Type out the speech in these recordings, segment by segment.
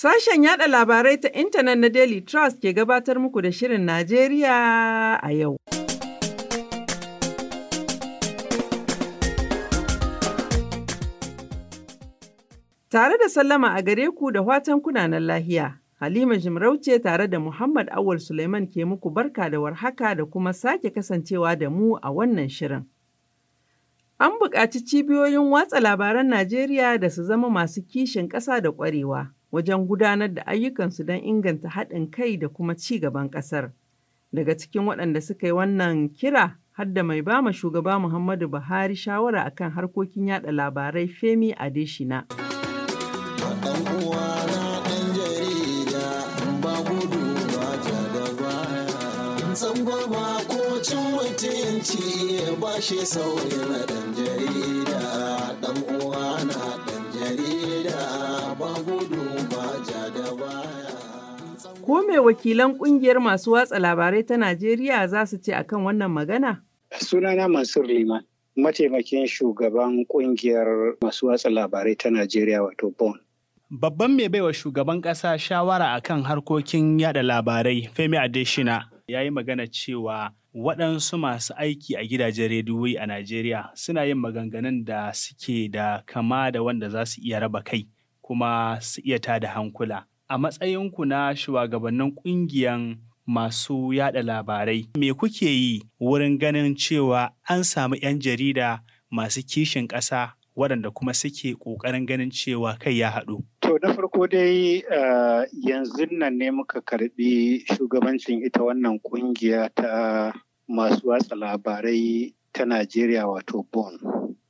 Sashen yada labarai ta intanet na Daily Trust ke gabatar muku da Shirin Najeriya a yau. Tare da sallama a gare ku da watan kunanan lahiya, Halima Jimarauce tare da Muhammad Awal Suleiman ke muku barka da warhaka da kuma sake kasancewa da mu a wannan shirin. An buƙaci cibiyoyin watsa labaran Najeriya da su zama masu kishin ƙasa da ƙwarewa. wajen gudanar da ayyukansu don inganta haɗin kai da kuma ci gaban ƙasar. Daga cikin waɗanda suka yi wannan kira har da mai bama shugaba Muhammadu Buhari shawara akan harkokin yada labarai Femi Adeshina. ba ko cin mutunci ya Ko me wakilan ƙungiyar masu watsa labarai ta Najeriya za su ce akan wannan magana? Sunana Mansur Liman, mataimakin shugaban ƙungiyar masu watsa labarai ta Najeriya wato BON. Babban mai baiwa shugaban ƙasa shawara akan harkokin yada labarai Femi Adeshina ya yi magana cewa waɗansu masu aiki a gidajen rediyo a Najeriya suna yin maganganun da suke da kama da wanda za su iya raba kai kuma su iya tada hankula. a matsayinku na shugabannin ƙungiyan masu yada labarai. Me kuke yi wurin ganin cewa an samu 'yan jarida masu kishin ƙasa waɗanda kuma suke ƙoƙarin ganin cewa kai ya haɗu? To na farko dai eh, yanzu nan ne muka karɓi shugabancin ita wannan ƙungiya ta masu watsa labarai ta Najeriya wato BON.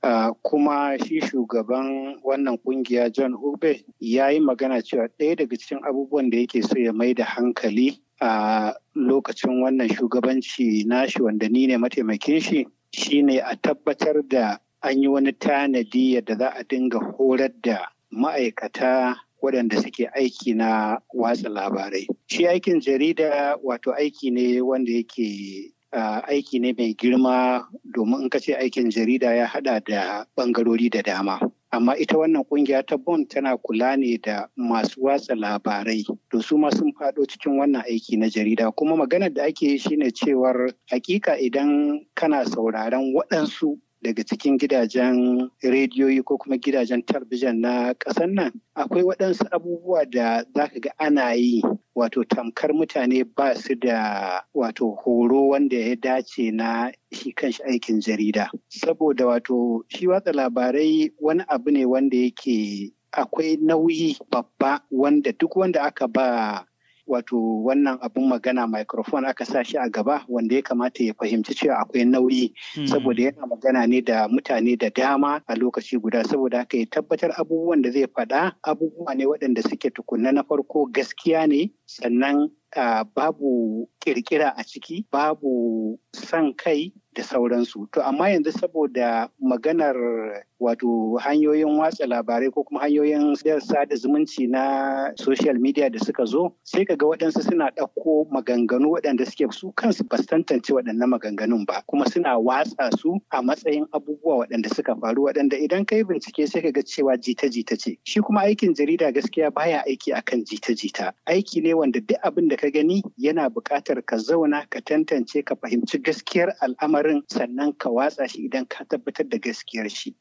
Uh, kuma shi shugaban wannan kungiya john ube ya yi magana cewa ɗaya daga cikin abubuwan da yake so ya mai da hankali a lokacin wannan shugabanci nashi wanda ni ne mataimakin shi shi ne a tabbatar da an yi wani tanadi yadda za a dinga horar da ma'aikata waɗanda suke aiki na watsa labarai. Shi aikin jarida wato aiki ne wanda yake aiki ne mai girma domin in ka ce aikin jarida ya hada da bangarori da dama. amma ita wannan kungiya ta bon tana kula ne da masu watsa labarai to su ma sun fado cikin wannan aiki na jarida kuma maganar da ake yi shine cewar hakika idan kana sauraren waɗansu daga cikin gidajen rediyoyi ko kuma gidajen talabijin na ƙasar nan akwai waɗansu abubuwa da za ka ga ana yi wato tamkar mutane ba su da wato horo wanda ya dace na shi kanshi aikin jarida saboda wato shi watsa labarai wani abu ne wanda yake akwai nauyi babba wanda duk wanda aka ba wato wannan abin magana microphone aka sa shi a gaba wanda ya kamata ya fahimci cewa akwai nauyi hmm. saboda yana magana ne da mutane da dama a lokaci guda saboda haka ya tabbatar abubuwan da zai faɗa abubuwa ne waɗanda suke tukunna na farko gaskiya ne sannan ah, babu kirkira a ciki babu son kai da sauransu. To amma yanzu saboda maganar wato hanyoyin watsa labarai ko kuma hanyoyin sada zumunci na social media da suka zo sai ka ga waɗansu suna ɗauko maganganu waɗanda suke su kansu ba tantance waɗannan maganganun ba kuma suna watsa su a matsayin abubuwa waɗanda suka faru waɗanda idan ka yi bincike sai ka ga cewa jita-jita ce. Shi kuma aikin jarida gaskiya baya aiki akan jita-jita. Aiki ne wanda duk abin da ka gani yana buƙatar ka zauna ka tantance ka fahimci gaskiyar al'amari lamarin sannan ka watsa shi idan ka tabbatar da gaskiyar shi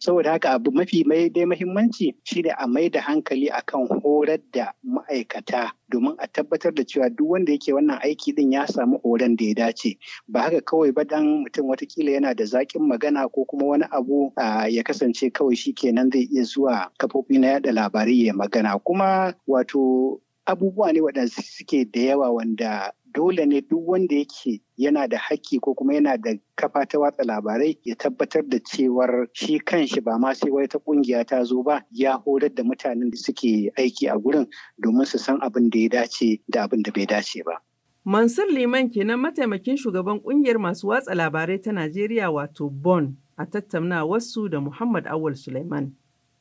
saboda haka abu mafi mai dai mahimmanci shine a mai da hankali akan horar da ma'aikata domin a tabbatar da cewa duk wanda yake wannan aiki din ya samu horon da ya dace ba haka kawai ba dan mutum watakila yana da zaƙin magana ko kuma wani abu ya kasance kawai shi kenan zai iya zuwa kafofi na yada labarai ya magana kuma wato abubuwa ne waɗanda suke da yawa wanda dole ne duk wanda yake yana da haƙƙi ko kuma yana da kafa ta watsa labarai ya tabbatar da cewar shi kanshi ba ma sai wata ƙungiya ta zo ba ya horar da mutanen da suke aiki a gurin domin su san abin da ya dace da abin da bai dace ba. Mansur Liman kenan mataimakin shugaban ƙungiyar masu watsa labarai ta Najeriya wato Bon a tattaunawarsu wasu da Muhammad Awal Suleiman.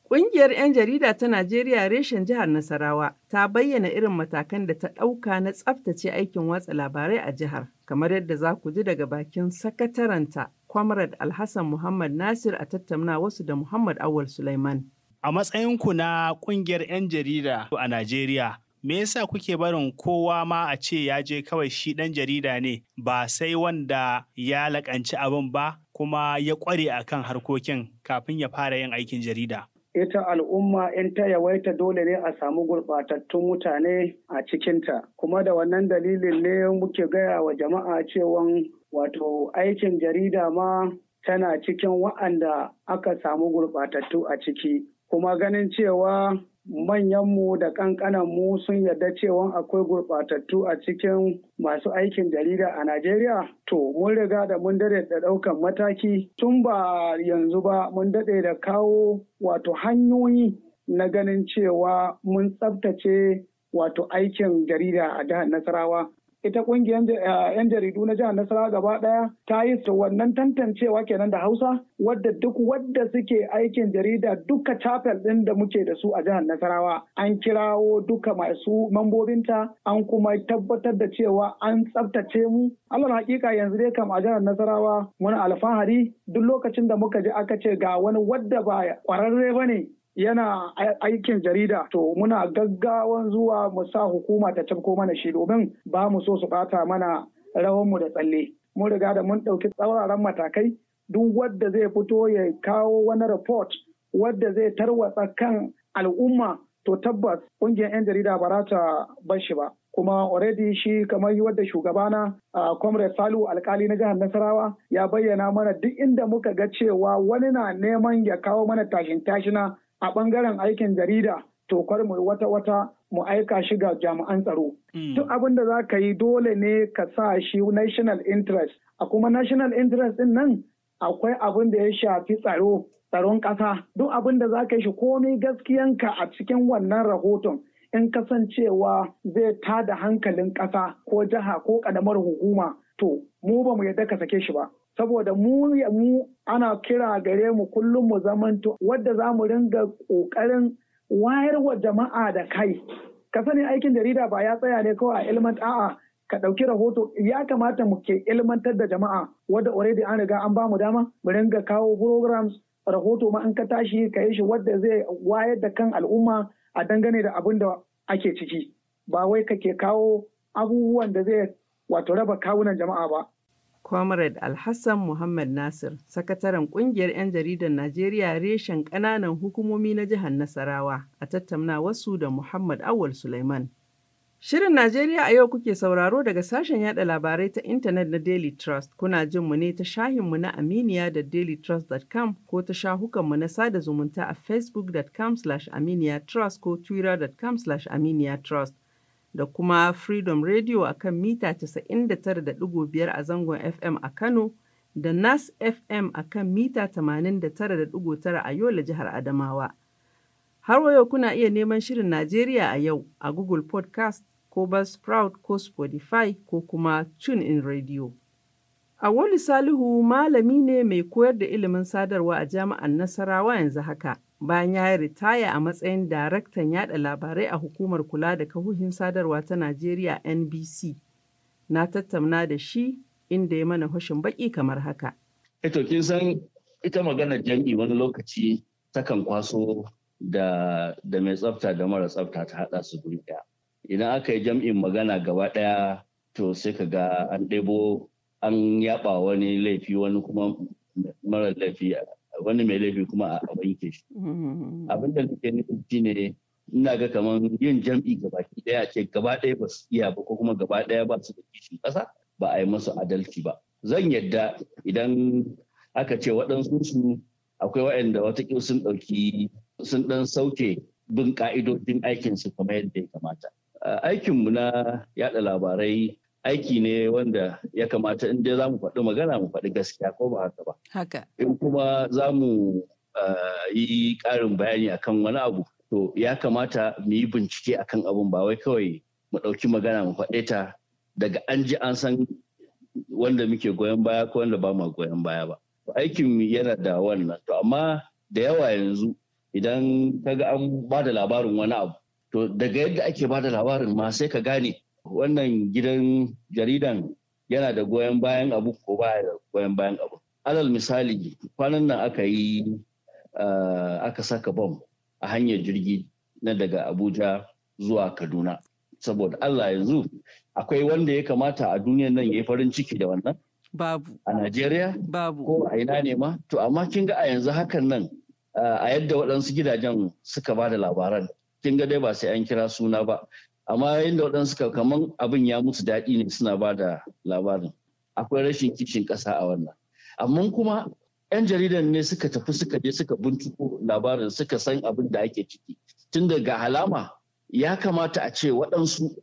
Ƙungiyar 'yan jarida ta Najeriya reshen jihar Nasarawa ta bayyana irin matakan da ta ɗauka na tsaftace aikin watsa labarai a jihar, kamar yadda za ku ji daga bakin sakataranta Comrade Alhassan Muhammad Nasir a tattauna wasu da Muhammad Awal Sulaiman. A matsayinku na ƙungiyar 'yan jarida a Najeriya, me yasa kuke barin kowa ma a ce ya je kawai shi ɗan jarida ne ba sai wanda ya laƙanci abin ba kuma ya ƙware akan harkokin kafin ya fara yin aikin jarida? ita al'umma in ta yawaita dole ne a samu gurɓatattun mutane a cikinta kuma da wannan dalilin ne muke gaya wa jama'a cewa, wato aikin jarida ma tana cikin wa'anda aka samu gurɓatattu a ciki kuma ganin cewa manyanmu da ƙanƙananmu sun yarda cewa akwai gurɓatattu a cikin masu aikin jarida a Najeriya? To, mun riga da mun dade da ɗaukan mataki tun ba yanzu ba mun dade da kawo wato hanyoyi na ganin cewa mun tsabtace wato aikin jarida a jihar Nasarawa ita kungiyar yan eh, jaridu na jihar nasarawa gaba daya ta yi wannan tantancewa kenan da hausa wadda duk wadda suke aikin jarida duka chapel din da muke da su a jihar nasarawa an kirawo duka masu mambobinta an kuma tabbatar da cewa an tsabtace mu allah hakika yanzu dai kam a jihar nasarawa muna alfahari duk lokacin da muka ji aka ce ga wani wadda ba kwararre ba ne yana aikin jarida to muna gaggawan zuwa mu sa hukuma ta cafko mana shi domin ba mu so su bata mana mu da tsalle mun riga da mun ɗauki tsauraran matakai duk wadda zai fito ya kawo wani report wadda zai tarwatsa kan al'umma to tabbas ƙungiyar 'yan jarida ba za ta bar shi ba kuma already shi kamar wadda shugabana a comrade salu alkali na jihar nasarawa ya bayyana mana duk inda muka ga cewa wani na neman ya kawo mana tashin tashina a ɓangaren aikin jarida to mu wata wata mu aika shi ga jami'an tsaro. Hmm. Duk abin da za ka yi dole ne ka sa shi national interest. A kuma national interest din nan akwai abin da ya shafi tsaro, tsaron ƙasa. Duk abin da za ka yi shi komai gaskiyanka a cikin wannan rahoton. In kasancewa zai tada hankalin ƙasa ko jiha ko ƙadamar hukuma to mu ba mu yadda ka sake shi ba. saboda mu mu ana kira gare mu kullum mu zamanto wadda za mu ringa ƙoƙarin wayar wa jama'a da kai ka sani aikin jarida ba ya tsaya ne kawai a ilmant a'a ka ɗauki rahoto ya kamata mu ke ilmantar da jama'a wadda already an riga an bamu dama mu ringa kawo programs rahoto ma in ka tashi ka yi shi wadda zai wayar da kan al'umma a dangane da abin da ake ciki ba wai kake kawo abubuwan da zai wato raba kawunan jama'a ba Comrade Alhassan Muhammad Nasir, sakataren ƙungiyar 'yan jaridar Najeriya reshen ƙananan hukumomi na jihar Nasarawa a tattauna wasu da Muhammad Awal Suleiman. Shirin Najeriya a yau kuke sauraro daga sashen yada labarai ta intanet na Daily Trust. Kuna jin mu ne ta shahin mu na Aminiya da dailytrust.com ko ta shahukanmu na sada zumunta a facebook.com/aminiya trust ko twitter.com/aminiya trust. da kuma Freedom Radio a kan mita 99.5 a zangon FM a Kano da Nas FM a kan mita 89.9 a da jihar Adamawa. Har wayo kuna iya neman shirin Najeriya a yau a Google Podcast ko Buzzsprout ko Spotify ko kuma TuneIn Radio. wani Salihu malami ne mai koyar da ilimin sadarwa a jami'an Nasarawa yanzu haka. bayan ya yi ritaya a matsayin daraktan yaɗa labarai a Hukumar Kula da Kahohin Sadarwa ta Najeriya (NBC). Na tattauna da shi inda ya mana hushin baki kamar haka. Eto eh kin san ita magana jam'i wani lokaci takan kwaso da, mai tsafta da mara tsafta ta haɗa su guri Idan aka yi jam'in magana gaba ɗaya to sai ka ga an ɗebo an yaɓa wani laifi wani kuma mara laifi wani mai laifi kuma a wanke shi mm-hmm. abin da nake nufi ne ina ga kamar yin jam'i gaba daya ce gaba daya ba su iya ba ko kuma gaba daya ba su da kishin kasa ba a yi masu adalci ba zan yadda idan aka ce waɗansu su akwai waɗanda kyau sun ɗauki sun ɗan sauke bin ƙa'idodin aikinsu kamar yadda ya kamata aikinmu na yaɗa labarai aiki ne wanda ya kamata in dai za mu faɗi magana mu faɗi gaskiya ko ba haka ba. Haka. In kuma za mu eh, yi ƙarin bayani akan wani abu to ya kamata mu yi bincike akan abun ba wai kawai mu ɗauki magana mu faɗe ta daga an ji an san wanda muke goyon baya ko wanda ba ma goyon baya ba. Aikin yana da wannan to amma da yawa yanzu idan ka ga an ba da labarin wani abu to daga yadda ake ba da labarin ma sai ka gane wannan gidan jaridan yana da goyon bayan abu ko ba da goyon bayan abu alal misali kwanan nan aka yi eh, aka saka bom a hanyar jirgi na daga abuja zuwa kaduna saboda allah yanzu akwai wanda ya kamata a duniyar nan ya yi farin ciki da wannan babu a najeriya babu ko a ina ne ma to amma kin ga a yanzu hakan nan eh, a yadda waɗansu gidajen suka ba da labaran kin ga dai ba sai an kira suna ba amma yayin da waɗansu ka kaman abin ya musu daɗi ne suna ba da labarin akwai rashin kishin ƙasa a wannan amma kuma 'yan jaridan ne suka tafi suka je suka binciko labarin suka san abin da ake ciki tun daga halama ya kamata a ce waɗansu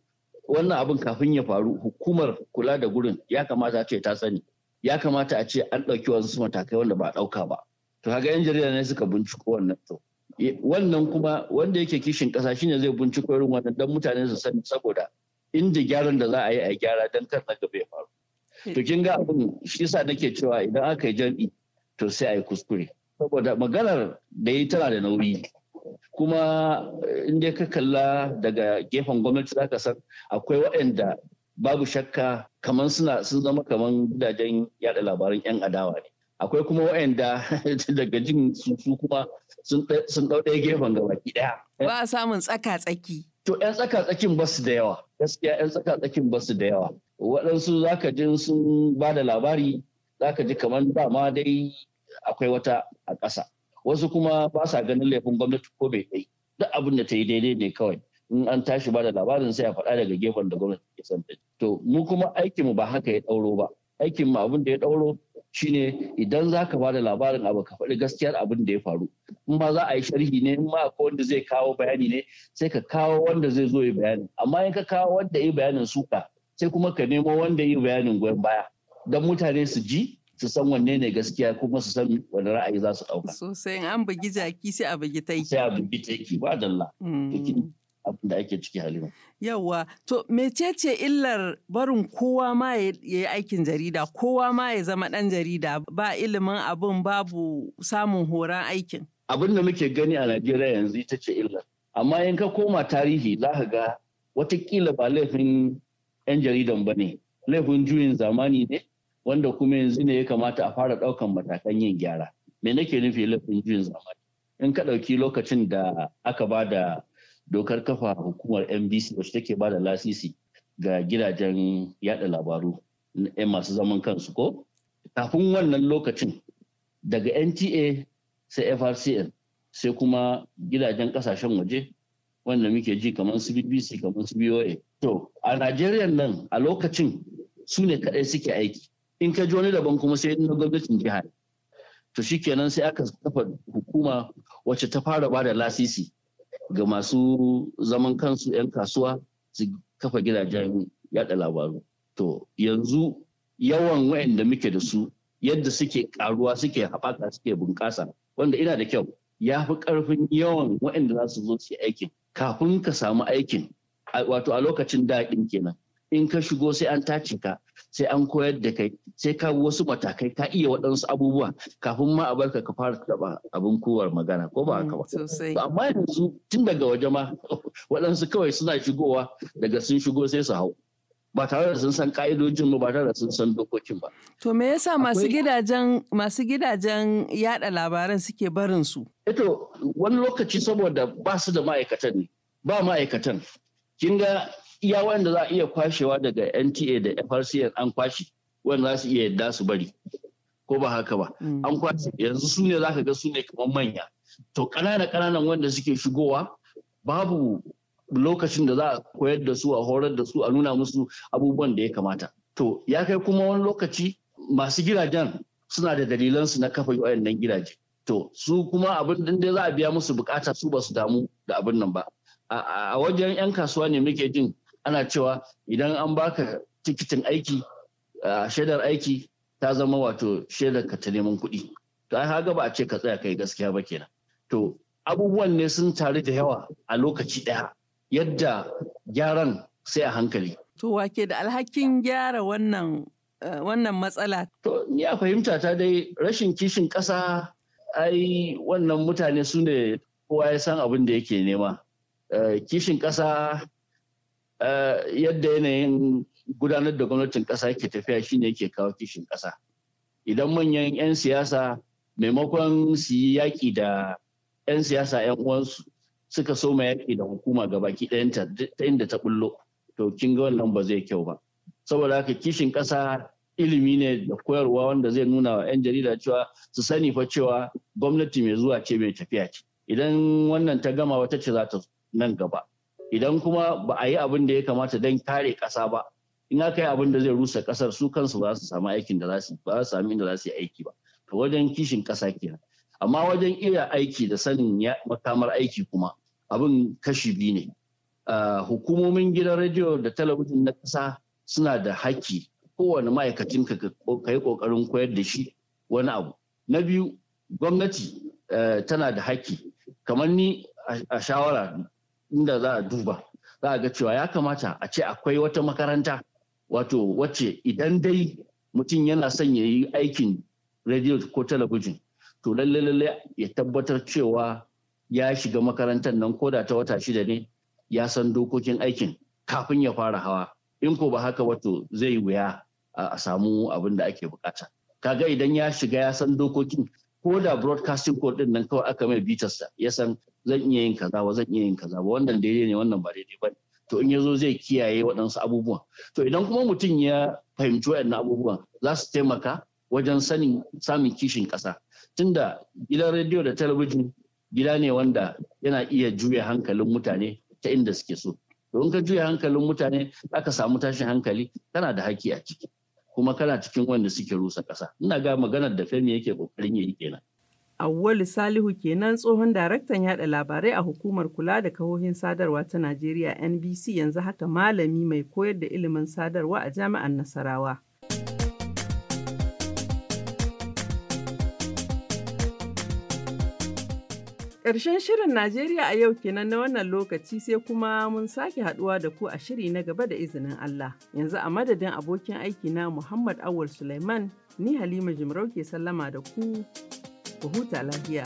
wannan abin kafin ya faru hukumar kula da gurin ya kamata a ce ta sani ya kamata a ce an ɗauki wasu matakai wanda ba a ɗauka ba to kaga 'yan jarida ne suka binciko wannan to Eh, wannan kuma wanda yake kishin ƙasa shine zai binciko irin wannan dan mutane su sani saboda inda gyaran da za a yi a gyara dan kar na gaba ya faru to kin ga abin shi yasa nake cewa idan aka yi jam'i to sai a yi kuskure saboda maganar da yi tana da nauyi kuma eh, in dai ka kalla daga gefen gwamnati zaka san akwai waɗanda babu shakka kamar suna sun zama kamar gidajen yada labaran yan adawa ne akwai kuma waɗanda daga jin su kuma sun ɗau ɗaya gefen baki ɗaya. Ba a samun tsaka-tsaki. To 'yan tsaka-tsakin ba su da yawa, gaskiya 'yan tsaka-tsakin ba su da yawa. Waɗansu za ka ji sun ba da labari, za ka ji kamar dama dai akwai wata a ƙasa. Wasu kuma ba sa ganin laifin gwamnati ko bai kai. Duk abin da ta yi daidai ne kawai. In an tashi ba da labarin sai a faɗa daga gefen da gwamnati ke son To mu kuma aikinmu ba haka ya ɗauro ba. Aikinmu abin da ya ɗauro shine idan za ka bada labarin abu ka faɗi gaskiyar abin da ya faru in ma za a yi sharhi ne in ma akwai wanda zai kawo bayani ne sai ka kawo wanda zai zo yi bayanin amma in ka kawo wanda yi bayanin suka sai kuma ka nemo wanda yi bayanin goyon baya don mutane su ji su san wanne ne gaskiya kuma su san wani ra'ayi za su ɗauka. Sosai an bugi jaki sai a bugi taiki. Sai a bugi taiki ba dalla. Mm. abin da ake ciki halima. Yawwa, to mecece illar barin kowa ma ya yi aikin jarida, kowa ma ya zama ɗan jarida ba ilimin abin babu samun horon aikin. Abin da muke gani a Najeriya yanzu ita ce illar. Amma in ka koma tarihi za ka ga watakila ba laifin 'yan jaridan ba ne, laifin juyin zamani ne wanda kuma yanzu ne ya kamata a fara ɗaukan matakan yin gyara. Me nake nufi laifin juyin zamani? In ka ɗauki lokacin da aka ba da dokar kafa hukumar mbc wacce take ba da lasisi ga gidajen yada labaru na masu zaman kansu ko kafin wannan lokacin daga nta sai frcn sai kuma gidajen kasashen waje wanda muke ji kamar su bbc kamar su boa to a najeriya nan a lokacin su ne kadai suke aiki in ka ji wani daban kuma sai na gwamnatin jiha to shikenan sai aka kafa hukuma wacce ta fara bada lasisi ga masu zaman kansu 'yan kasuwa su kafa gidajen yada labaru. To yanzu yawan wa'anda muke da su yadda suke karuwa suke haɓaka suke bunƙasa wanda ina da kyau ya fi ƙarfin yawan wa'anda za su zo su aikin kafin ka samu aikin wato a lokacin daɗin kenan in ka shigo sai an tace ka sai an koyar da kai sai ka wasu matakai ka iya waɗansu abubuwa kafin ma a barka ka fara taɓa abin kowar magana ko ba ka ba mm, amma yanzu tun daga waje ma waɗansu kawai suna shigowa daga sun shigo sai su hau ba tare da sun san ka'idojin ba ba tare da sun san dokokin ba. To me yasa masu gidajen masu gidajen yada labaran suke barin su? Ito eh wani lokaci saboda ba su da ma'aikatan ne ba ma'aikatan. Kin ga iya wanda za a iya kwashewa daga NTA da FRCN an kwashe wanda za su iya yadda su bari ko ba haka ba mm. an kwashe yanzu su ne za ka ga su ne kamar manya to ƙanana ƙananan wanda suke shigowa babu lokacin da za a koyar da su a horar da su a nuna musu abubuwan da ya kamata to ya kai kuma wani lokaci masu gidajen suna da dalilansu na kafa wayannan gidaje to su kuma abin da za a biya musu bukata su ba su damu da abin nan ba a wajen 'yan kasuwa ne muke jin ana cewa idan an baka tikitin aiki a shaidar aiki ta zama wato shaidar ka ta neman kuɗi to ai haga ba a ce ka tsaya kai gaskiya ba kenan to abubuwan ne sun taru da yawa a lokaci ɗaya yadda gyaran sai a hankali to wake da alhakin gyara wannan wannan matsala to ni a fahimta ta dai rashin kishin ƙasa ai wannan mutane su ne kowa ya san abin da yake nema kishin ƙasa Eh, yadda yanayin gudanar da gwamnatin kasa ke tafiya shine ke kawo kishin kasa idan manyan 'yan siyasa maimakon su yi yaƙi da 'yan siyasa 'yan uwansu suka ma yaƙi da hukuma ga baki ɗayanta ta inda ta bullo to kin ga wannan ba zai kyau ba saboda haka kishin kasa ilimi ne da koyarwa wanda zai nuna wa 'yan jarida cewa su sani fa cewa gwamnati mai zuwa ce mai tafiya ce idan wannan ta gama wata ce za ta nan gaba idan kuma ba a yi abin da ya kamata don kare kasa ba in aka yi abin da zai rusa kasar su kansu ba su samu aikin da za su ba su inda za su yi aiki ba to wajen kishin ƙasa kenan amma wajen iya aiki da sanin makamar aiki kuma abin kashi biyu ne hukumomin gidan rediyo da talabijin na ƙasa suna da haƙƙi kowane ma'aikacin ka yi ƙoƙarin koyar da shi wani abu na biyu gwamnati eh, tana da haƙƙi kamar ni a shawara inda za a duba za a ga cewa ya kamata a ce akwai wata makaranta wato wacce idan dai mutum yana son ya yi aikin rediyo ko talabijin to lalle lalle ya tabbatar cewa ya shiga makarantar nan ko da ta wata shida ne ya san dokokin aikin kafin ya fara hawa in ko ba haka wato zai wuya a samu abin da ake bukata kaga idan ya shiga ya san dokokin ko da broadcasting code din nan kawai aka mai bitarsa ya san zan iya yin kaza ba zan iya yin kaza ba wannan daidai ne wannan ba daidai ba to in ya zo zai kiyaye waɗansu abubuwan to idan kuma mutum ya fahimci waɗannan abubuwan za su taimaka wajen sanin samun kishin ƙasa tunda gidan rediyo da talabijin gida ne wanda yana iya juya hankalin mutane ta inda suke so to in ka juya hankalin mutane aka samu tashin hankali kana da haƙƙi a ciki kuma kana cikin wanda suke rusa ƙasa ina ga maganar da femi yake kokarin yi kenan Awwalu Salihu kenan tsohon daraktan yada labarai a hukumar kula da kahohin sadarwa ta Najeriya NBC yanzu haka malami mai koyar da ilimin sadarwa a Jami'an Nasarawa. Karshen shirin Najeriya a yau kenan na wannan lokaci sai kuma mun sake haduwa da ku a shiri na gaba da izinin Allah. Yanzu a madadin abokin aiki na Muhammad Awul Suleiman, ni Halima Jimarau ke sallama da ku, ku huta lafiya.